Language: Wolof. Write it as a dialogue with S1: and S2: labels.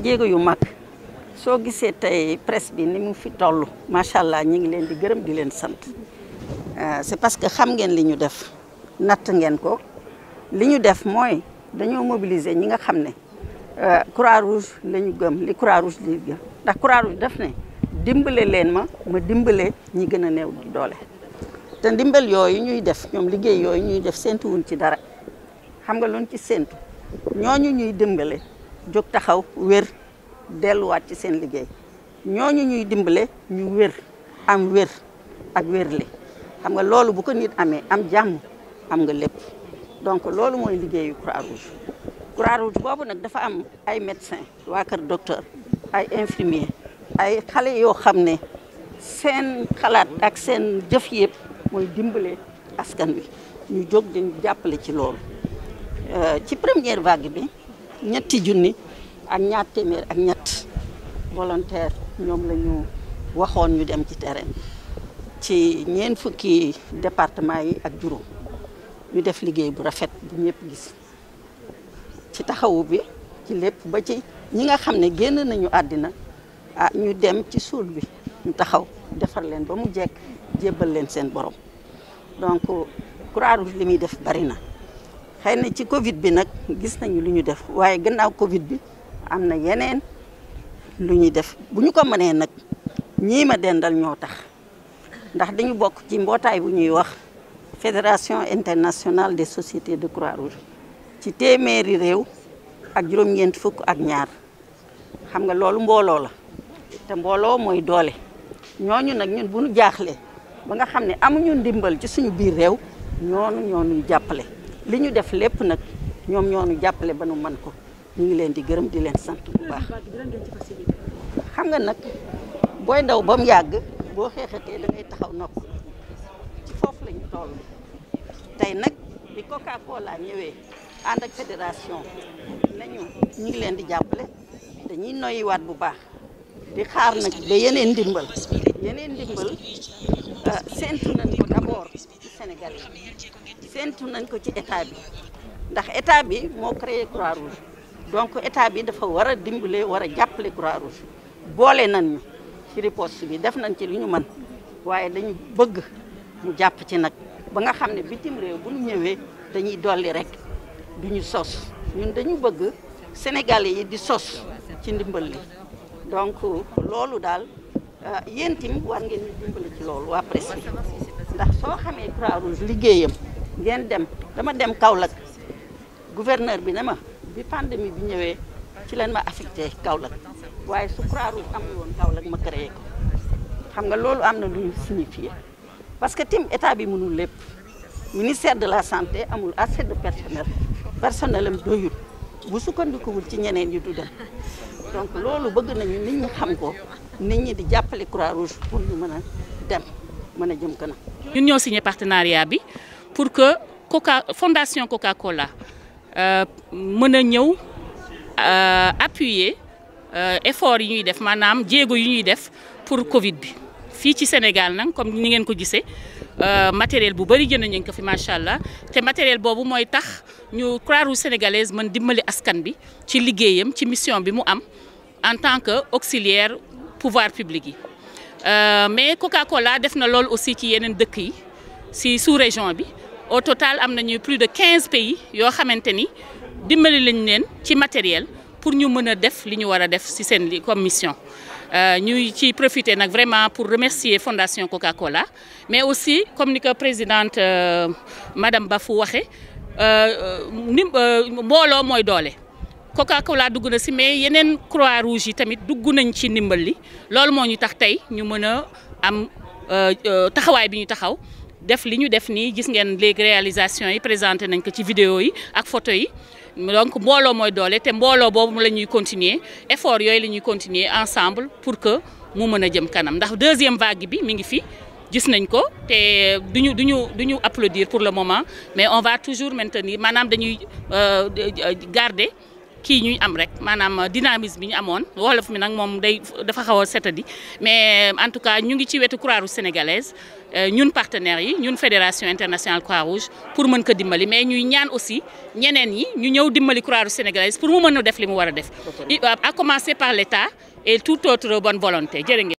S1: jéego yu mag soo gisee tey presse bi ni mu fi toll macha allah ñu ngi leen di gërëm di leen sant euh, c'est parce que xam ngeen li ñu def natt ngeen ko li ñu def mooy dañoo mobiliser ñi nga xam ne euh, croix rouge la ñu gëm li croix rouge li gëm ndax croix rouge def ne dimbale leen ma ma dimbale ñi gën a new doole te ndimbal yooyu ñuy def ñoom liggéey yooyu ñuy def séntuwuñ ci dara xam nga luñ ci séntu ñooñu ñuy dimbale jóg taxaw wér delluwaat ci seen liggéey ñooñu ñuy dimbale ñu wér am wér ak wérle xam nga loolu bu ko nit amee am jàmm am nga lépp donc loolu mooy liggéeyu Croix-Rouge Croix-Rouge boobu nag dafa am ay médecin waa kër docteur ay infirmier ay xale yoo xam ne seen xalaat ak seen jëf yëpp mooy dimbale askan wi ñu jóg di jàppale ci loolu euh, ci première vague bi ñetti junni ak ñaar téeméer ak ñett volontaire ñoom lañu waxoon ñu dem ci terrain ci ñeent fukki département yi ak juróom ñu def liggéey bu rafet bu ñëpp gis ci taxawu bi ci lépp ba ci ñi nga xam ne génn nañu àddina ah ñu dem ci suul bi ñu taxaw defar leen ba mu jekk jébbal leen seen borom donc Croix-Rouge li muy def bari na xëy na ci Covid bi nag gis nañu lu ñu def waaye gannaaw Covid bi am na yeneen lu ñuy def bu ñu ko mënee nag ñii ma dendal ñoo tax ndax dañu bokk ci mbootaay bu ñuy wax fédération internationale des sociétés de croix ci téeméeri réew ak juróom-ñeent fukk ak ñaar xam nga loolu mbooloo la te mbooloo mooy doole ñooñu nag ñun bu ñu jaaxlee ba nga xam ne amuñu ndimbal ci suñu biir réew ñoonu ñoo ñuy jàppale. li ñu def lépp nag ñoom ñoo ñu jàppale ba nu man ko ñu ngi leen di gërëm di leen sant bu baax xam nga nag booy ndaw ba mu yàgg boo xeexatee da taxaw nopp ci foofu lañu toll tey nag bi Coca Cola ñëwee ànd ak fédération nañu ñu ngi leen di jàppale dañuy noyiwaat bu baax di xaar nag ba yeneen ndimbal yeneen ndimbal euh, séntu ko d'abord Sénégal séentu nañ ko ci état bi ndax état bi moo créé croix rouge donc état bi dafa war a dimbale war a jàppale croix rouge boole nañ ñu ci riposte bi def nañ ci lu ñu man waaye dañu bëgg mu jàpp ci nag ba nga xam ne bitim réew bu ñu ñëwee dañuy dolli rek du ñu sos ñun dañu bëgg sénégalais yi di sos ci ndimbal li donc loolu daal euh, yéen tamit war ngeen ñu ci loolu waa presse ndax soo xamee Croix-Rouge liggéeyam ngeen dem dama dem Kaolack gouverneur bi ne ma bi pandémie bi ñëwee ci leen ma affecté Kaolack waaye su Croix-Rouge amul woon Kaolack ma créé ko xam nga loolu am na lu ñu parce que tim état bi mënul lépp ministère de la santé amul assez de personnel personnel am doyul bu sukkandikuwul ci ñeneen yi du dem donc loolu bëgg nañu nit ñi xam ko nit ñi di jàppale Croix-Rouge pour ñu mën a dem mën a jëm kanam.
S2: ñun partenariat bi pour que Coca fondation Coca Cola euh, mën a ñëw euh, appuyer euh, effort yi ñuy def maanaam jéego yi ñuy def pour Covid bi. fii ci Sénégal nag comme ni ngeen ko gisee matériel bu bëri jënd nañ ko fi macha allah te matériel boobu mooy tax ñu Croix-Rouge sénégalaise mën dimbali askan bi ci liggéeyam ci mission bi mu am en tant que auxiliaire pouvoir public yi. Euh, mais Coca-Cola def na loolu aussi ci yeneen dëkk yi si sous-région bi au total am nañu plus de quinze pays yoo xamante ni dimbali lañ leen ci matériel pour ñu mën a def li ñu war a def si seen li comme mission euh, ñuy ci profiter nag vraiment pour remercier Fondation Coca-Cola mais aussi comme ni ko présidente euh, madame Bafou waxe ni mbooloo mooy doole. Coca Cola dugg na si mais yeneen croix rouge yi tamit dugg nañ ci ndimbal li loolu moo ñu tax tey ñu mën a am euh, euh, taxawaay bi ñu taxaw def li ñu def nii gis ngeen léegi réalisation yi présenté nañ ko ci vidéo yi ak photo yi donc mbooloo mooy doole te mbooloo boobu la ñuy continuer effort yooyu la ñuy continuer ensemble pour que mu mën a jëm kanam ndax deuxième vague bi mi ngi fi gis nañ ko te du ñu du ñu applaudir pour le moment mais on va toujours maintenir maanaam dañuy euh, garder kii ñu am rek maanaam dynamisme bi ñu amoon wolof mi nag moom day dafa xaw a setadi mais en tout cas ñu ngi ci wetu Croix-Rouge sénégalaise euh, ñun partenaires yi ñun fédération internationale croix pour mën ko dimbali mais ñuy ñaan aussi ñeneen yi ñu ñëw dimbali Croix-Rouge sénégalaise pour mu mën a def li mu war a def euh, à commencer par l'État et toute autre bonne volonté jërë